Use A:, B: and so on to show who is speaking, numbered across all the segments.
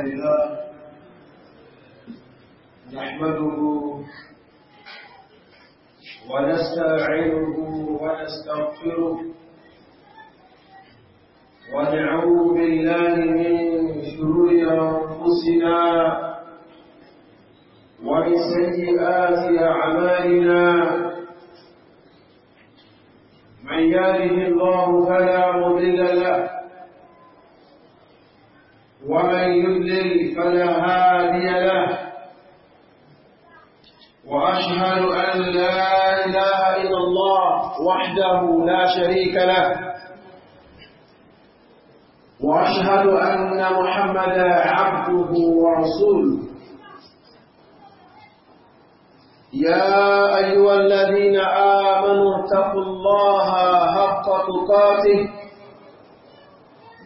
A: الله نحمده ونستعينه ونستغفره ونعوذ بالله من شرور أنفسنا ومن سيئات أعمالنا من يهده الله فلا مضل له ومن يضلل فلا هادي له واشهد ان لا اله الا الله وحده لا شريك له واشهد ان محمدا عبده ورسوله يا ايها الذين امنوا اتقوا الله حق تقاته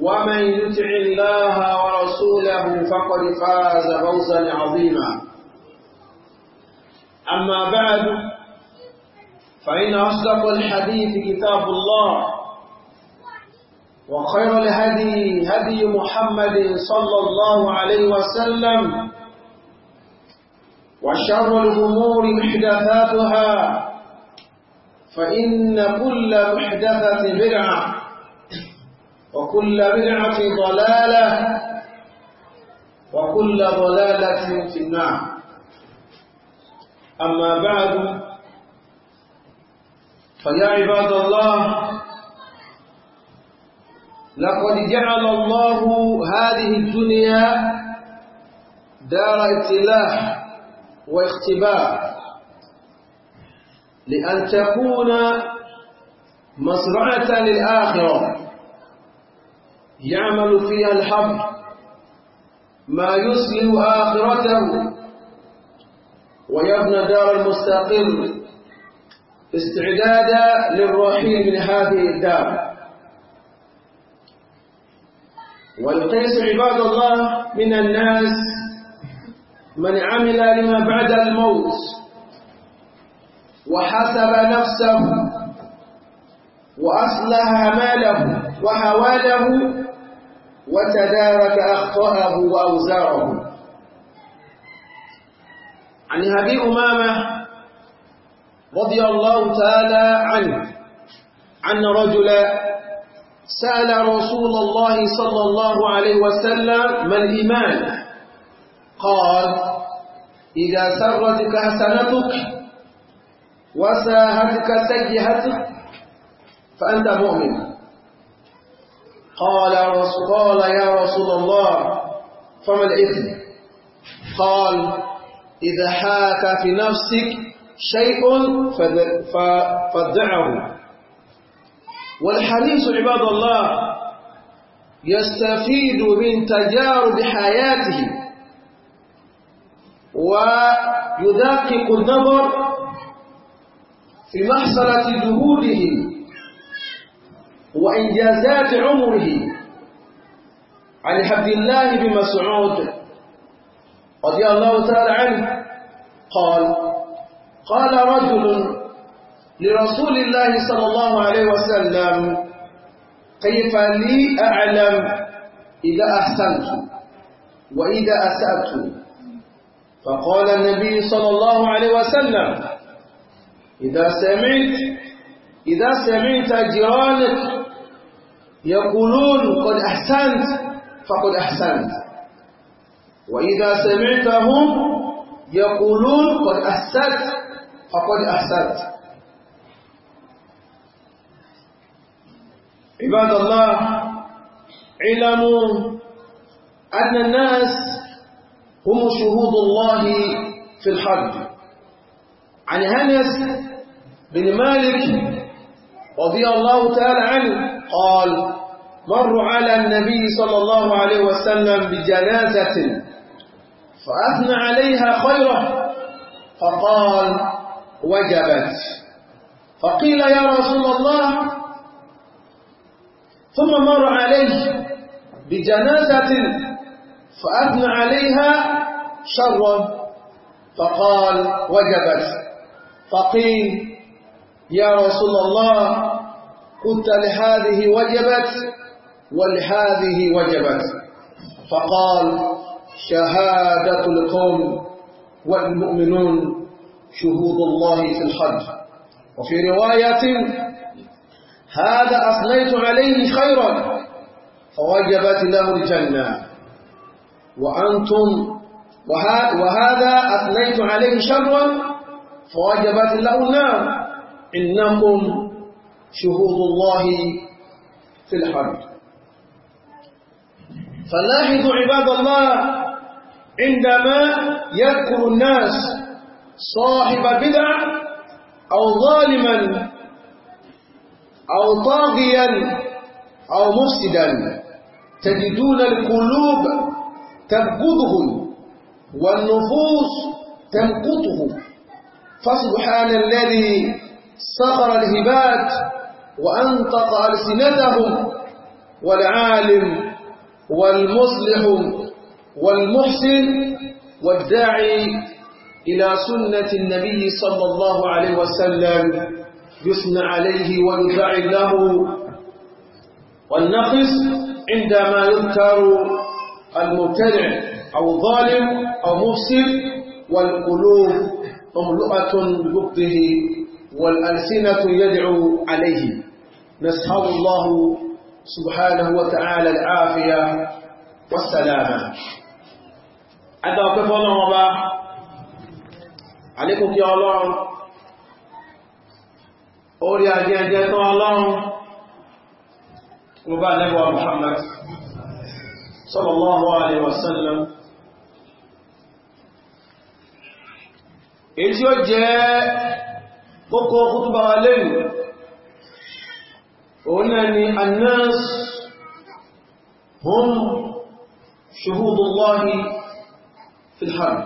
A: ومن يطع الله ورسوله فقد فاز فوزا عظيما أما بعد فإن أصدق الحديث كتاب الله وخير الهدي هدي محمد صلى الله عليه وسلم وشر الأمور محدثاتها فإن كل محدثة بدعة وكل بدعة ضلالة وكل ضلالة في النار أما بعد فيا عباد الله لقد جعل الله هذه الدنيا دار ابتلاء واختبار لأن تكون مصرعة للآخرة يعمل فيها الحب ما يسلم آخرته ويبنى دار المستقر استعدادا للرحيل من هذه الدار والقيس عباد الله من الناس من عمل لما بعد الموت وحسب نفسه وأصلح ماله وحواله وتدارك أخطأه وأوزاره عن أبي أمامة رضي الله تعالى عنه أن عن رجلا سأل رسول الله صلى الله عليه وسلم ما الإيمان قال إذا سرتك حسنتك وساهتك سيئتك فأنت مؤمن قال رسول قال يا رسول الله فما الإثم قال إذا حاك في نفسك شيء فادعه والحديث عباد الله يستفيد من تجارب حياته ويدقق النظر في محصلة جهوده وإنجازات عمره عن عبد الله بن مسعود رضي الله تعالى عنه قال قال رجل لرسول الله صلى الله عليه وسلم كيف لي أعلم إذا أحسنت وإذا أسأت فقال النبي صلى الله عليه وسلم إذا سمعت إذا سمعت جيرانك يقولون قد أحسنت فقد أحسنت وإذا سمعتهم يقولون قد أحسنت فقد أحسنت عباد الله علموا أن الناس هم شهود الله في الحرب عن أنس بن مالك رضي الله تعالى عنه قال مروا على النبي صلى الله عليه وسلم بجنازة فأثنى عليها خيرا فقال وجبت فقيل يا رسول الله ثم مر عليه بجنازة فأثنى عليها شرا فقال وجبت فقيل يا رسول الله قلت لهذه وجبت ولهذه وجبت فقال شهادة القوم والمؤمنون شهود الله في الحج وفي رواية هذا أثنيت عليه خيرا فوجبت له الجنة وأنتم وهذا أثنيت عليه شرا فوجبت له النار إنهم شهود الله في الحرب فلاحظوا عباد الله عندما يذكر الناس صاحب بدع أو ظالما أو طاغيا أو مفسدا تجدون القلوب تبغضهم والنفوس تنقطه فسبحان الذي صخر الهبات وأنطق ألسنتهم والعالم والمصلح والمحسن والداعي إلى سنة النبي صلى الله عليه وسلم يثنى عليه ويفعل له والنقص عندما يذكر المبتدع أو ظالم أو مفسد والقلوب مملوءة بغضه والألسنة يدعو عليه نسأل الله سبحانه وتعالى العافية والسلامة هذا وقف الله وبا عليكم يا الله أولي أجيان جيتنا الله وبا نبوى محمد صلى الله عليه وسلم إذ يجي kókó kútúbà wa lẹ́yìn òun náà ni annas hum ṣuhudullahi fil harb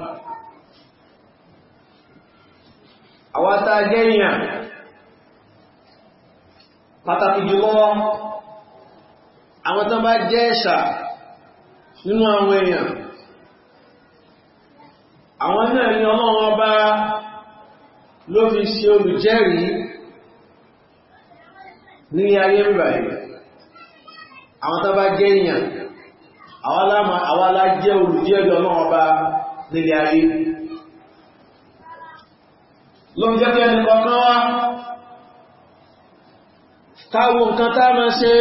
A: àwọn tàgẹ́yìn pàtàkì jùlọ àwọn tán bá jẹ́ ẹ̀ṣà nínú àwọn èèyàn àwọn náà ni ọlọ́wọ́ bá ló fi ṣe olùjẹ́rìí ní ayé ń bàyẹ̀ àwọn tó bá jẹ́ èèyàn àwọn alájẹ́ olùjẹ́rìí ọlọ́wọ́ bá nílé ayé ló ń jẹ́ pé ẹni kọ̀ọ̀kan wá káwọn nǹkan tá ṣe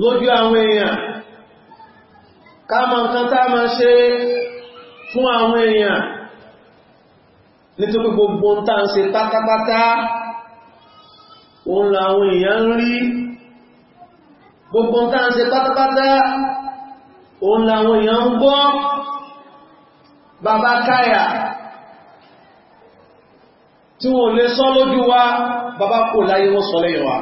A: lójú àwọn èèyàn káwọn nǹkan tá ṣe fún àwọn èèyàn nítorí gbogbo ń tàà ń ṣe pátápátá òun làwọn èèyàn ń rí gbogbo ń tàà ń ṣe pátápátá òun làwọn èèyàn ń gbọ́ bàbá káyà tí wọ́n lè sọ lójú wa bàbá kò láyé wọ́n sọ lẹ́yìn wa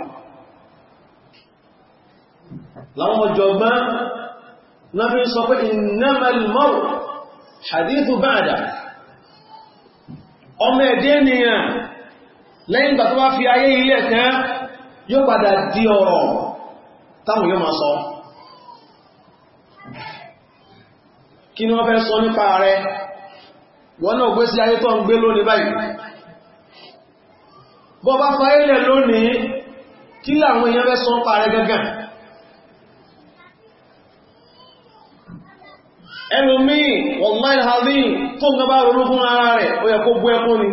A: láwọn ọ̀jọ̀gbọ́n náà fi sọ pé innamal mawt hadithu ba'da ọmọ ẹ̀dẹ́ nìyàn lẹ́yìn ìgbà tó bá fi ayé ilẹ̀ tán yóò padà di ọ̀rọ̀ táwọn yóò máa sọ kí ni wọ́n fẹ́ sọ nípa rẹ̀ wọ́n náà gbé sí ayé tó ń gbé lónìí báyìí bọ́ bá fayé lẹ̀ lónìí kí làwọn èèyàn fẹ́ sọ nípa rẹ̀ gẹ́gẹ́ ẹlùmí wọ̀láì hàlí tó ń gaba ronú fún ara rẹ̀ ó yẹ kó bú ẹkún ni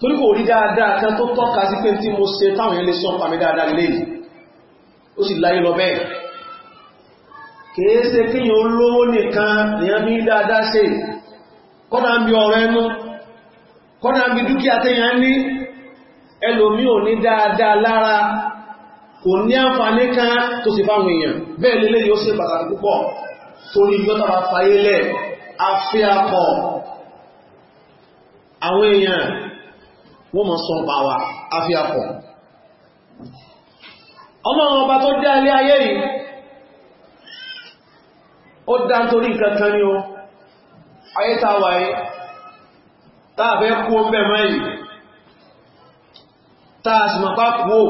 A: torí kò rí dáadáa kan tó tọ́ka sí pé tí mo ṣe táwọn ilé sọ pàmí dáadáa lè ẹlòmí ò ní dáadáa lára kò ní àǹfààní kan tó sì fáwọn èèyàn torí gbọ́ta bá fayé lẹ̀ afẹ́akọ̀ àwọn èèyàn wọ́n mọ̀ sọ pa wa afẹ́akọ̀ ọmọ ọba tó dá ilé ayé yìí ó dá torí kankan ni ó ayé tàwà yìí tààfẹ́ kú ó bẹ̀mọ́ yìí tààsìmọ̀pá kú ó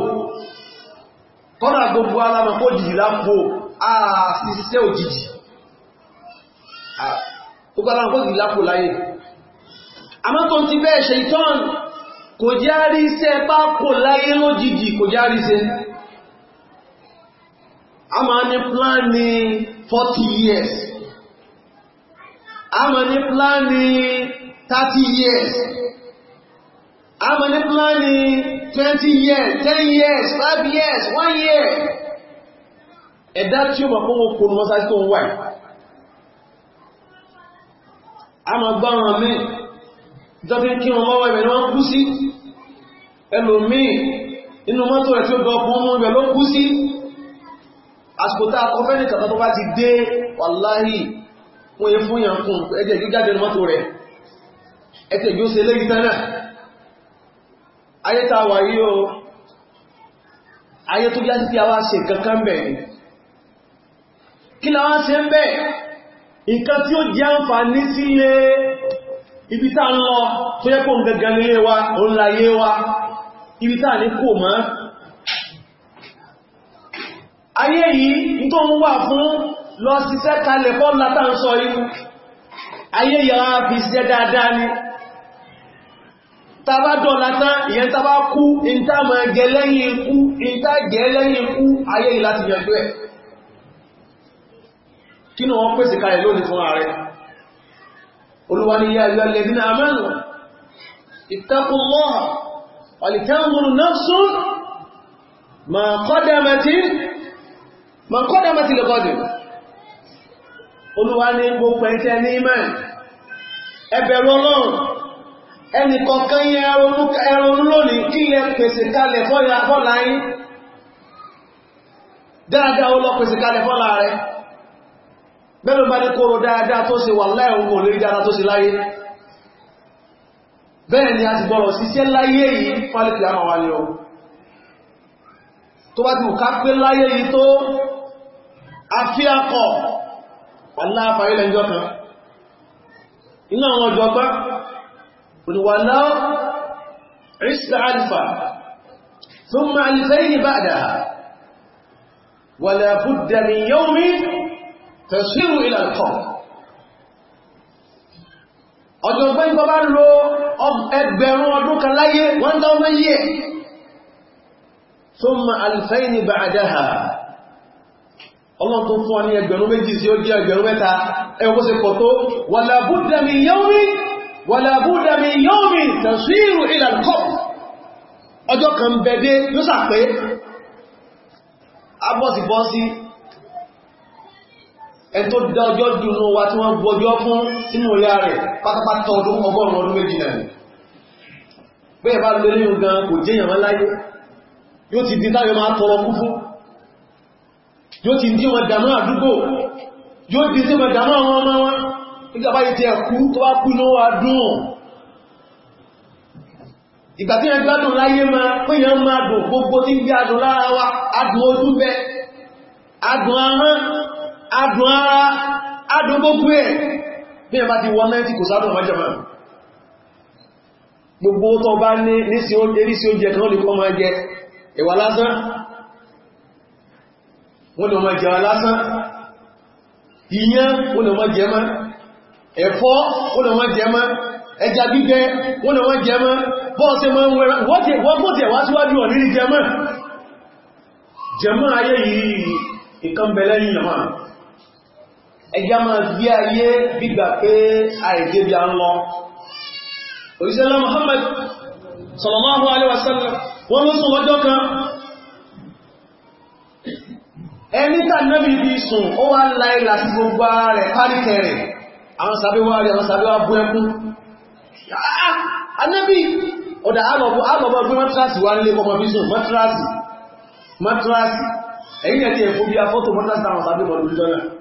A: kọ́nà gbogbo alamọ̀kó jìdìlá kú ó àà sí síṣẹ́ òjìjì ó bá láwọn lápò láyé àmọ́ tó ti bẹ́ẹ̀ ṣe ìtọ́n kò já rí iṣẹ́ bá kò láyé lójijì kò já rí iṣẹ́ a máa ní plan 40 years a máa ní plan 30 years a máa ní plan 20 years 10 years 5 years 1 year ẹ̀dá tí ó mọ̀ fún okùn mọ́sáṣí a ma gbá wọn mí jọbi kí wọn mọ́wọ́ ibẹ̀ ni wọ́n kú sí ẹlòmíì inú mọ́tò rẹ̀ tí ó gbọ́ ọkùn mọ́ ibẹ̀ ló kú sí àsìkòtà akọfẹ́ni kàtà tó bá ti dé wàláhì fún yẹ fún yàn fún ẹgbẹ̀ mọ́tò rẹ̀ ẹgbẹ̀ yóò ṣe lẹ́gbẹ̀ tánà nǹkan tí ó jẹ́ ní sílé ibi tá ń lọ tó yẹ kó gẹ̀gẹ̀ nílé wa wa ibi ní kò mọ́ ayé yìí ní tó ń wà fún lọ síṣẹ́ kalẹ̀ fọ́ látà ń sọ inú ayé yàrá fi ṣẹ́ dáadáa ni tàbá ta ìyẹn tàbá kú ikú ayé yìí láti kí ni wọ́n pèsè kalẹ̀ lónìí fún ààrẹ olúwa ni yá yọ lẹ́bí náà mẹ́lù ìtakùnmọ́ ọ̀lìtẹ́mùrù náà sún ma kọ́dẹ̀mẹ́tì lọ́gọ́dẹ̀ olúwa ni gbogbo ẹ̀tẹ́ ní imẹ́ ẹbẹ̀rù ọlọ́run ẹnì kọ̀ọ̀kan yẹ ẹrun lónìí kí lẹ pèsè kalẹ̀ fọ́lá yín dáadáa bẹ́lú bá ní kóró dáadáa tó ṣe wà láì ohun olórí dáadáa tó ṣe láyé bẹ́ẹ̀ ni a ti bọ́rọ̀ síṣẹ́ láyé yìí fálìkì àmà wà ní ọ tó bá ti wù ká pé láyé yìí tó afíakọ̀ aláàfàílẹ̀ ثم الفين بعدها ولا بد من يوم tẹ̀síwù ilẹ̀ kọ̀ ọ̀jọ̀gbọ́n ìgbọ́ bá lo ẹgbẹ̀rún ọdún kan láyé 1000 year thumma alfayni ba'daha ọlọ́run tó fún ọ ní ẹgbẹ̀rún méjì sí ó jẹ́ ẹgbẹ̀rún mẹ́ta ẹwọ́ sí pọ̀ tó wala budda min yawmin wala budda ẹni tó dá ọjọ́ dùnú wa tí wọ́n fún inú ìyá rẹ̀ pátápátá ọdún ọgọ́rùn ọdún méjì náà bẹ́ẹ̀ bá kò jẹ́ ìyàmọ́ láyé yóò ti máa tọrọ kú fún yóò ti wọn di sí wọn àwọn ọmọ wọn yìí ti ẹ̀kú tó gbogbo wa adùn ara adùn gbogbo ẹ̀ bí ẹ bá ti wọ 90 kò sádùn ọmọjọ́mọ́ gbogbo tó bá ní erísí oúnjẹ kan lè kọ́ máa jẹ ẹ̀wà lásán wọ́n lè máa jẹwa lásán iyán wọ́n lè máa jẹ mọ́ ẹ̀fọ́ wọ́n lè máa jẹ mọ́ ẹja gbígbẹ wọ́n lè máa jẹ bọ́ọ̀sẹ̀ máa ń wẹ́ra wọ́n kò tẹ̀ síwájú ọ̀rírí jẹ mọ́ jẹ ayé yìí ìkan bẹ̀lẹ́ yìí ẹjá máa gbé ayé gbígbà pé àìdébí a ń lọ òjíṣẹ́lá Muhammad sallallahu alaihi wọ́n ló sùn lọ́jọ́ kan ẹni tàbí bí sùn ó wá láìlà sí gbogbo rẹ̀ káríkẹrẹ àwọn sàbíwá àwọn sàbíwá bú ẹkún anábì ọ̀dà alọ̀bọ̀ gbé mọ́tíráàsì wá nílé kọmọ bí sùn mọ́tíráàsì mọ́tíráàsì ẹ̀yìn ẹ̀tẹ́ ẹ̀fóbíà fọ́tò mọ́tíráàsì àwọn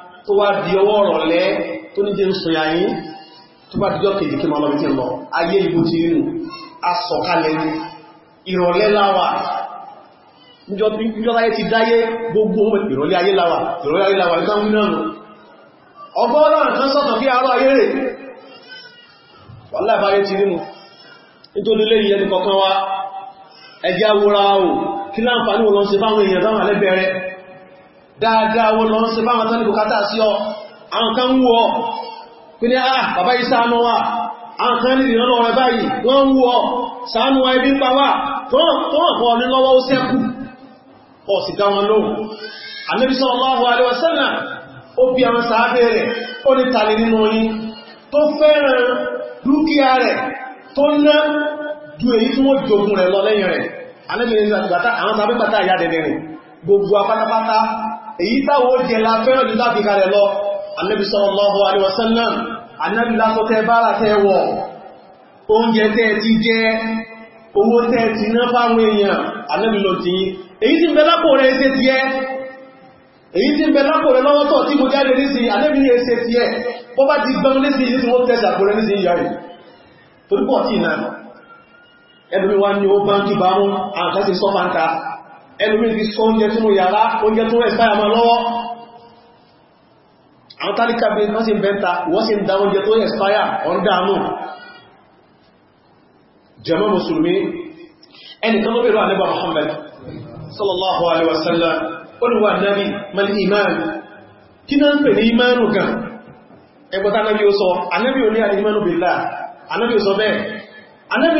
A: tó wá di ọwọ́ ọ̀rọ̀ lẹ́ tó ní jẹ́ ń sọ̀yà yìí tó bá díjọ́ kejì kí máa lọ bí lọ ayé ìbò ti rínú asọ̀kalẹ̀ ní ìrọ̀lẹ́ láwà níjọ́ ayé ti dáyé gbogbo ìrọ̀lẹ́ ayé láwà ìrọ̀lẹ́ ayé láwà ìgbà wínà nù ọgbọ́ ọlọ́run kan sọ̀tàn bí àárọ̀ ayé rẹ̀ wọ́lá ìbáyé wa ẹjẹ́ awúra o kí láǹfààní wọn ṣe fáwọn èèyàn táwọn dáadáa wọ́n lọ ṣe báwọn tán ní bùkátà sí ọ àwọn kan wú ọ pí ní àà ah, bàbá yìí sáánú wà àwọn kan ní ìrànlọ́ rẹ báyìí wọ́n wú ọ sáánú wa ibi ń pa wà tó ná ju èyí tí wọ́n jogun rẹ̀ lọ lẹ́yìn rẹ̀ alẹ́bìnrin àwọn tàbí pàtà ìyá dẹ̀dẹ̀ rẹ̀ gbogbo apátápátá èyí táwọn jẹ la fẹ́ràn ní tàbí kalẹ̀ lọ annabi sallallahu alaihi wasallam annabi lásọ tẹ bára tẹ wọ oúnjẹ tẹ ti jẹ owó tẹ ti ná fáwọn èèyàn annabi lọ ti èyí tí ń bẹ lápò rẹ̀ ṣe ti ẹ́ èyí tí ń bẹ lápò rẹ̀ lọ́wọ́tọ̀ tí mo jáde ní sí annabi ní ṣe ti ẹ́ bọ́ bá ti gbọ́n ní sí ìyí tí wọ́n tẹ́sà kò rẹ̀ ní sí ìyá rẹ̀ torípọ̀ tí ìnà ẹ̀dùn wa ni ó bá ń kí bá mú àǹkásí sọ́fàǹta ẹlùmí ti sọ oúnjẹ sínú yàrá oúnjẹ tó rẹ̀ sáyàmọ́ lọ́wọ́ àwọn tálíkà bí wọ́n sì bẹ́ta wọ́n sì ń dá oúnjẹ tó ẹ̀spáyà ọ̀dánù jẹmọ́ musulmi ẹnìkan lóbèrò àníbà Muhammad sallallahu alaihi wasallam olùwà nabi mal iman kí náà ń pè ní imanu gan ẹgbọ́ta nabi ó sọ anábi ò ní alìmánu billah anábi ó sọ bẹ́ẹ̀ anábi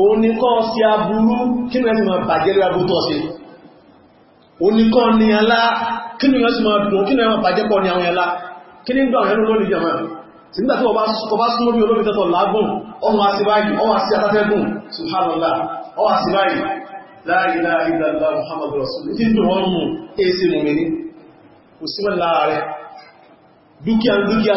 A: òun ni kọ́ sí aburú kí ní ẹ̀sìn máa bàjẹ́ lórí aburú tọ́ sí ni kọ́ ní ẹlá kí ní ẹ̀sìn máa dùn kí ní ẹ̀mà bàjẹ́ pọ̀ ní àwọn ẹlá kí ní gbà ẹ̀rù lónìí jẹ̀mọ́ tí wọ́n bá súnmọ́ bí olóbi tẹ́tọ̀ lágùn ọmọ àti báyìí ọmọ àti subhanallah ọmọ àti báyìí la ilaha illallah muhammadu rasulullah ti dùn wọn mú èsì mùmìnì kò sí mọ́ láàárẹ̀ dúkìá dúkìá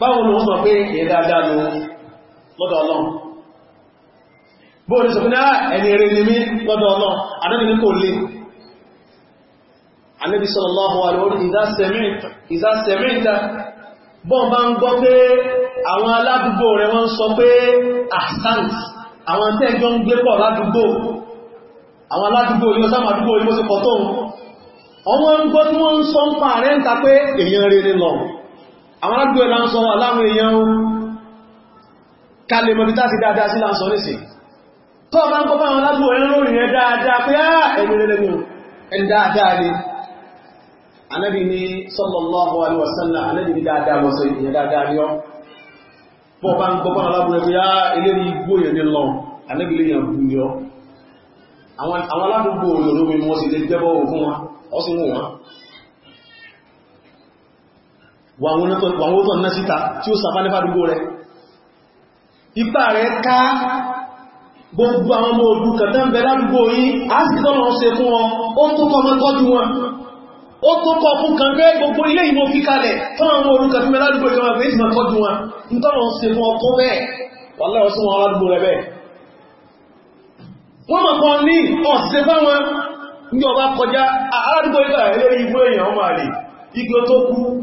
A: báwọn ló sọ pé èyí dáadáa ló lọ́dọ̀ ọlọ́run bó ní sọpínà ah, ẹni eré ní mí lọ́dọ̀ ọlọ́run anábi ní kò lè anábi sallallahu alaihi wasallam idha sami'ta bọ́n bá ń gbọ́ pé àwọn aládùgbò rẹ̀ wọ́n sọ pé ahsant àwọn tẹ́jọ ń gbé pọ̀ ládùgbò àwọn aládùgbò yóò sáàmà àdúgbò yóò sí pọ̀ tóun ọmọ ń gbọ́ tí wọ́n ń sọ ń pa rẹ̀ ń ta pé èèyàn rere lọ àwọn aládùú ẹ̀ láńsọ aláwọn èèyàn kalẹ̀ mọ̀bítà sí dáadáa sí láńsọ ní sí tó ọmọ ń kọfà àwọn aládùú ẹ̀ lórí rẹ̀ dáadáa pé á ẹ̀mí lẹ́lẹ́mí ẹni dáadáa ni anábì ní sallallahu alaihi wasallam anábì ní dáadáa wọ́sọ ìyẹn dáadáa ni ọ́ bọ́ bá ń kọfà àwọn aládùú ẹ̀ pé á ah, eléyìí lè yàn bú ni wọn ọ́ wọn wàwọn tó ná síta tí ó sàfá nípa dúgbò rẹ̀ ipá rẹ̀ ká gbogbo àwọn ọmọ òdúkà tán bẹ ládúgbò yìí a sì tọ́nà ṣe fún wọn ó tó kọ́ mọ́tọ́jú wọn ó tó kọ́ fún kan pé gbogbo ilé ìmọ̀ fi kalẹ̀ fún àwọn òdúkà tí mẹ́ládúgbò ìjọba pé ìsìnkà tọ́jú wọn ń tọ́nà ṣe fún ọkọ́ bẹ́ẹ̀ wà lọ́rọ̀ sí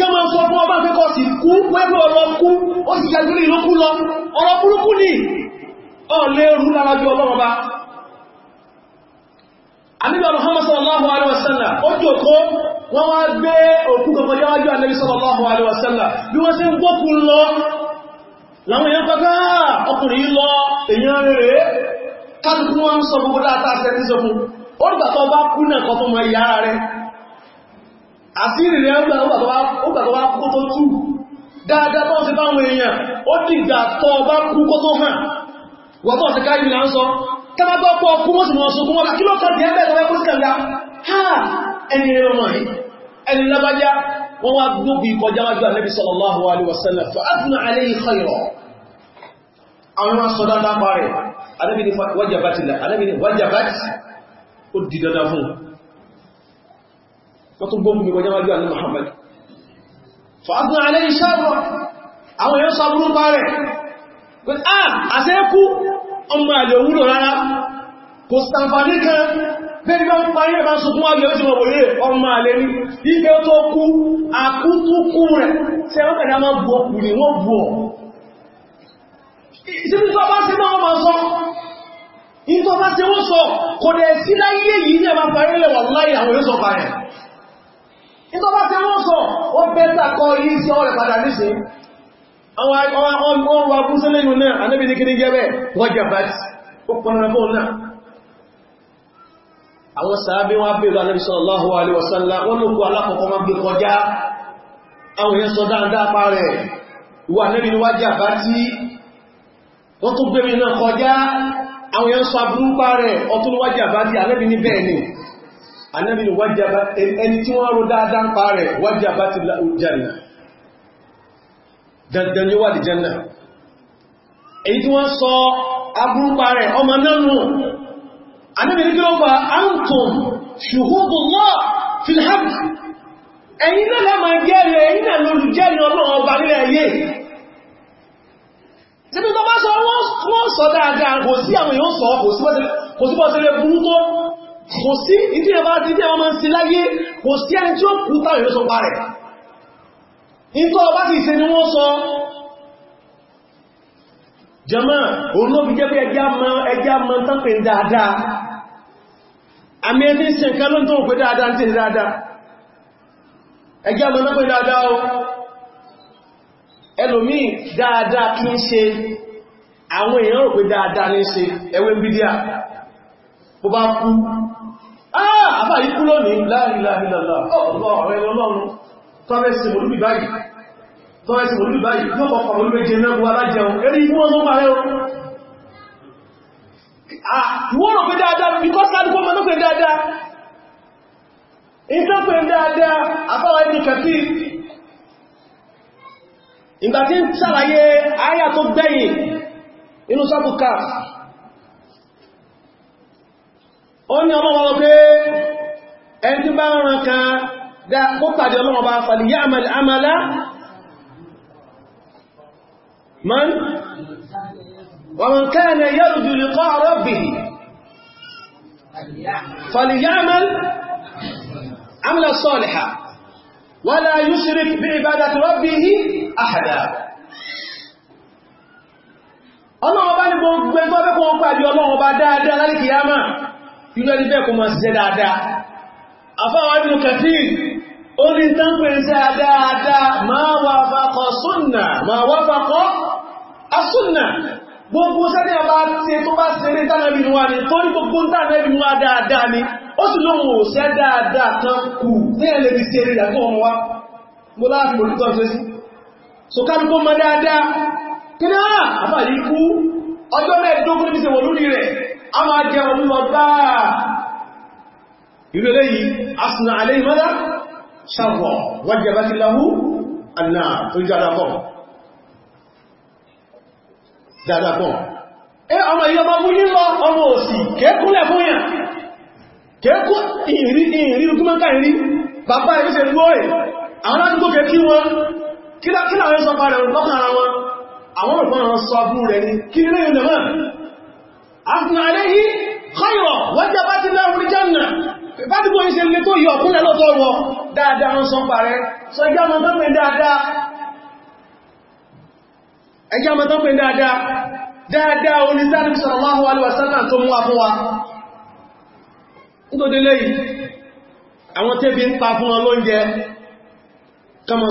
A: kẹmọ sọ fún ọba akẹ́kọ̀ọ́ sí kú pẹ́lú ọ̀rọ̀ kú ó sì yàgbìrì ìlókú lọ ọ̀rọ̀ burúkú ní ọ̀lẹ́rù lárájú ọlọ́ọba àníbà Muhammad sallallahu alaihi wasallam ó jòkó wọ́n wá gbé òkú kọmọdéwájú Ànábì sallallahu alaihi wasallam bí wọ́n sí ń gbókù lọ láwọn èèyàn pẹ́kẹ́ ọkùnrin lọ èèyàn rere kálùkù wọ́n ń sọ gbogbo dáadáa sẹ́tíṣọ́kùn ó dìgbà tó bá kú náà kọ́ tó mọ ìyá rẹ̀ àsírí rẹ̀ ọgbà tó bá kú tó tú dáadáa tó ń ṣe báwọn èèyàn ó dìgbà tó bá kú kó tó hàn wọ́n tó ṣe káyìí là ń sọ tẹ́lágbọ́ pọ̀ kú mọ́ sí mọ́ sọ kún kí ló kọ́ di ha ẹni rẹ̀ wọ́n yìí ẹni lábájá wọ́n wá gbóbi kọjá wájú àlẹ́bí alaihi wasallam fa alayhi khayra àwọn asọ́dá lápá rẹ̀ alẹ́bí ni wájabat ó di dandan fún wọ́n tó gbógun gbogbo jáwájú àní Muhammad fa'asna alayhi sharra àwọn yóò sàbúrú bá rẹ̀ wọ́n á ah, àṣẹ́kú ọmọ àlè òwúrò rárá kò sàǹfàní kan bẹ́ẹ̀ bá ń parí ẹ̀bá sọ fún àgbẹ̀ òṣìmọ̀ òye ọmọ àlè ní ìgbẹ́ tó kú àkútúkú rẹ̀ tí ẹwọ́n kẹ̀dá máa bù ọkù ní wọ́n bù ọ̀ ìsinmi tó bá sí kò dẹ̀ sí láyé yìí ní ẹ̀bá parí ẹ̀wà láyé àwọn yóò sọ ìtọ́ bá ti wọ́n sọ ó bẹ́ta kọ yìí sí ọ̀rẹ̀ padà níṣe àwọn ọmọ abúsẹ́ lẹ́nu náà anábi ní kíní jẹ́ bẹ́ẹ̀ wọ́jà bàtí ó pọnrẹ fún náà àwọn sàábí wọ́n bèèrè wasallam wọ́n ló kú alákọ̀ọ́kọ́ wọ́n gbé kọjá àwọn èèyàn sọ dáadáa pa rẹ̀ wà anábi ní wájà bàtí wọ́n tún gbé mi náà kọjá àwọn èèyàn sọ aburú pa anábì ni wájábá ẹni tí wọ́n rú dáadáa ń pa rẹ̀ wájábá ti láhù jẹ́nà dandan yóò wà lè jẹ́nà èyí tí wọ́n sọ agbúrúpa rẹ̀ ọmọ nánú anábì ní kílọ́gbà antum ṣùhúdùlọ́ filhab ẹ̀yin náà lẹ́mà jẹ́rẹ̀ ẹ̀yin náà lórí jẹ́rẹ̀ ọlọ́run ọba nílẹ̀ ayé títí tó bá sọ wọ́n sọ dáadáa kò sí àwọn èèyàn sọ kò sí bọ́sẹ̀lẹ̀ kò sí ìdí ẹ̀bá ti tí ẹwọ́n máa ń ṣe láyé kò sí ẹni tí ó kú táwọn èèyàn sọ pa rẹ̀ ìtọ́ ọba ti ṣe ni wọ́n sọ jẹmọ́ òun ló fi jẹ́ pé ẹjá mọ́ ẹjá mọ́ tánpẹ̀ dáadáa àmì ẹni ṣe nǹkan ló ń tó ń pè dáadáa ti dáadáa ẹjá mọ́ tánpẹ̀ o ẹlòmí dáadáa kí ń ṣe àwọn èèyàn rò dáadáa ní ṣe Ah, àbá ikú lónìí láàrínláàrínláà ọ̀rẹ́ lọ́nà tọ́rẹsì mọ̀lúbì báyìí tọ́rẹsì mọ̀lúbì báyìí lọ́pọ̀ mọ̀lúbì jẹ náà wọ́n alájẹun eré ikú wọn mọ́ rẹ̀ ah, wọ́n rọ̀ pé dáadáa bíkọ́ sádùkọ́ mọ́ lọ́pẹ́ dáadáa ìtọ́pẹ́ dáadáa àbáwà ibi kẹfí ìgbà tí ń sàlàyé àyà tó gbẹ̀yìn inú sábùkà ó ní ọmọ wọn pé ẹni tí bá ń ran ka kó pàdé ọlọ́wọ́ bá pàdé yá àmàlà àmàlà man wà mọ̀ káà ní yẹ́rù jù lè kọ́ ọ̀rọ̀ bì fàlìyàmàl àmàlà sọ́ọ̀lẹ̀ha wala yushrik bí ibadati ọlọ́wọ́ bá ní gbogbo ẹgbẹ́ ọlọ́wọ́ bá dáadáa lálẹ́kìyàmà irú ẹni bẹ́ẹ̀ kó máa ṣiṣẹ́ dáadáa afáwà nínú kàtíì ó ní tánkù iṣẹ́ dáadáa máa wà fàkọ̀ súnnà máa wà fàkọ̀ asúnnà gbogbo sẹ́ni àbá tí tó bá ṣeré tánàbí ni tó ní gbogbo tánàbí níwá dáadáa ni ó sì lóhun òṣẹ́ dáadáa kan kù ní ẹ̀lẹ́ ti ṣeré ìyàgbọ́ ọmọ wa mo láàfin olùtọ́ ṣe ni á àbá yìí a máa jẹ olúwa gbáà ìlú lẹ́yìn asìnà alẹ́ ìmọ́lá ṣàwọ̀ wájẹ̀ bá ti láhú àná tó jádàpọ̀ jádàpọ̀ ẹ ọmọ ìyọba mú nílọ ọmọ òsì kékúnlẹ̀ fún yà kékú ìrí ìrí rúkúmọ́ká ìrí bàbá ìrísẹ̀ lóò ẹ̀ àwọn aládùgbò kẹkí wọn kí láwọn sọ parẹ̀ lọ́kàn ara wọn àfihàn aléhì kọ́yọ̀ wọ́jẹ́ bá ti láàrùn jẹ́nà bá ti bọ́ ìṣe lè tó yọ fún ẹlọ́tọ́ wọ dáadáa ń sọ parẹ́ sọ ẹjá mọ́tọ́pẹ́ dáadáa dáadáa onísàrí sallallahu alaihi wasallam tó mú wa fún wa nítorí lẹ́yìn àwọn tẹ́bí ń pa fún ọlọ́njẹ kọmọ̀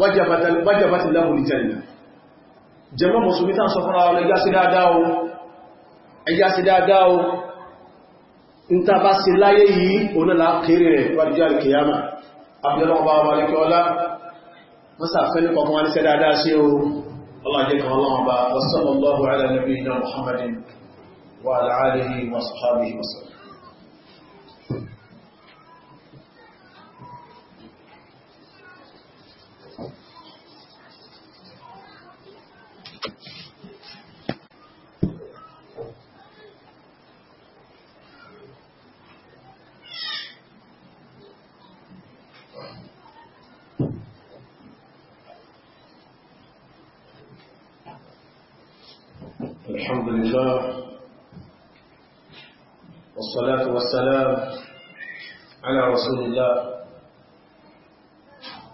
A: wájàbátí láhùn ìjẹ́nà jẹmọ́ mùsùlùmí tán sọ fún àwọn ẹgbá sí dáadáa o ń ta bá sí láyé yìí onílá kéré rẹ̀ wájújá alìkìyàmà abdullahi ọba ọba alikọ́lá mọ́sá fẹ́lẹ̀ kọkàn wọn sí dáadáa sí rasulillah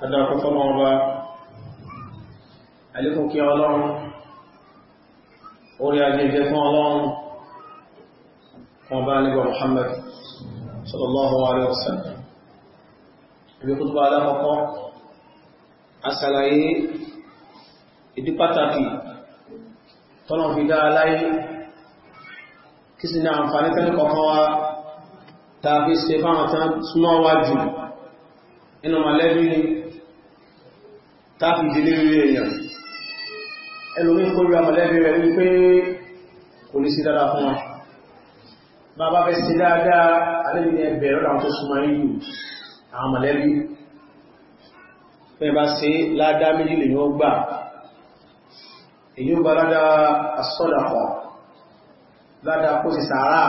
A: adáko fọ́nà ọba alékún kí ọlọ́run orí ajẹ́jẹ́ fún ọlọ́run ọba nígbà Muhammad sallallahu alaihi wasallam ibi kúrò bá alákọ̀ọ́kọ́ asàlàyé ìdí pàtàkì tọ́nà fi dáa láyé kí sí ní àǹfàní tẹ́lẹ̀kọ̀ọ́kọ́ wa tàbí ṣe fáwọn tán súnmọ́ wájú inú mọ̀lẹ́bí ni tàbí ìdílé rí èèyàn ẹlòmí kórí àmọ̀lẹ́bí rẹ̀ wípé kò ní sí dára fún wọn bá bá fẹ́ sí dáadáa alẹ́bí ni ẹbẹ̀rẹ̀ àwọn tó súnmọ́ yìí àwọn mọ̀lẹ́bí pẹ̀bá sí ládá méjì lè yóò gbà èyí ó bá ládá asọ́dàpọ̀ ládá kó sì sàárà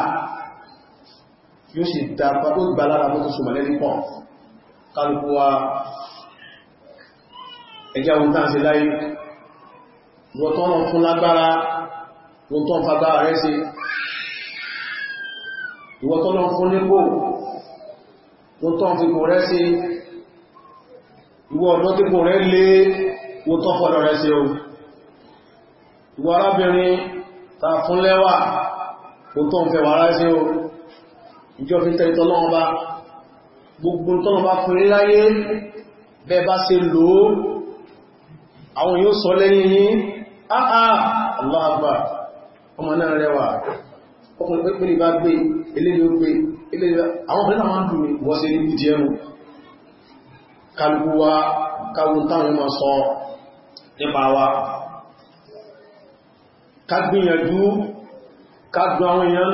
A: yóò sì dápa ó gbà lára mọ́ tó ṣùgbọ́n ní pọ̀ kálùkù wa ẹjá ohun tàà sí láyé wọ́n tọ́ wọn fún lágbára wọ́n tọ́ fagbára rẹ̀ sí ìwọ́n tọ́ fún nípò wọ́n tọ́ fi kò rẹ̀ sí ìwọ́ ọ̀dọ́ tí kò rẹ̀ lé wọ́n tọ́ fọ́dọ̀ rẹ̀ sí o ìwọ́ arábìnrin ta fún lẹ́wà wọ́n tọ́ fẹ́ wà rẹ̀ sí o ìjọfin tẹ́lẹ̀tọ́ lọ́wọ́ bá gbogbo tọ́nà bá fún níláyé bẹ bá ṣe lò ó àwọn yóò sọ lẹ́yìn ní àà Allahu Akbar ọmọ náà rẹwà ọkùnrin pẹ́pẹ́ ní bá gbé wa káwọn táwọn máa sọ nípa wa ká gbìyànjú ká dùn àwọn èèyàn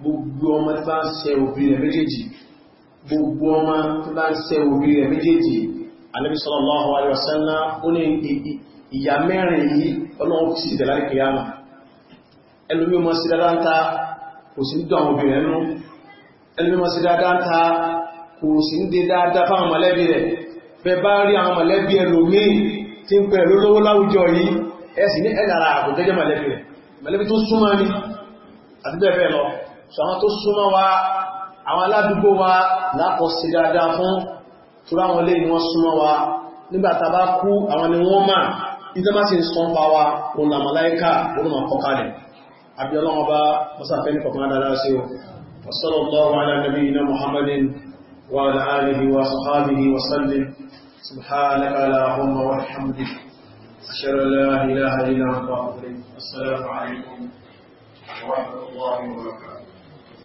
A: gbogbo ọmọ tó bá ń ṣẹ òbí rẹ̀ méjèèjì gbogbo ọmọ tó bá ń ṣẹ òbí rẹ̀ méjèèjì Ànábì sallallahu alaihi wasallam ó ní ìyà mẹ́rin yìí ọlọ́run ti sì dẹ̀lá ìkẹyà náà ẹlùmí ọmọ sí dáadáa ń ta kò sí dùn àwọn ẹ̀sìn ní ẹ̀dàrà àkùnjẹ́jẹ́ mọ̀lẹ́bí rẹ̀ mọ̀lẹ́bí tó súnmọ́ ni àti bẹ́ẹ̀ bẹ́ẹ̀ lọ àwọn tó súnmọ́ wa àwọn aládùúgbò wa lápọ̀ sí dáadáa fún tura wọn lè ní wọ́n súnmọ́ wa nígbàtà bá kú àwọn ni wọ́n máa ìjọba sì ń sọ́n pa wa òun làmà láíká òun máa kọ́ kalẹ̀ àbí ọlọ́wọ́n bá mọ́sàfẹ́ ní kọ̀kan dáadáa sí o wasallallahu ala wa ala alihi wa sahbihi wa sallim subhanaka allahumma wa bihamdika ashhadu an la ilaha illa anta astaghfiruka wa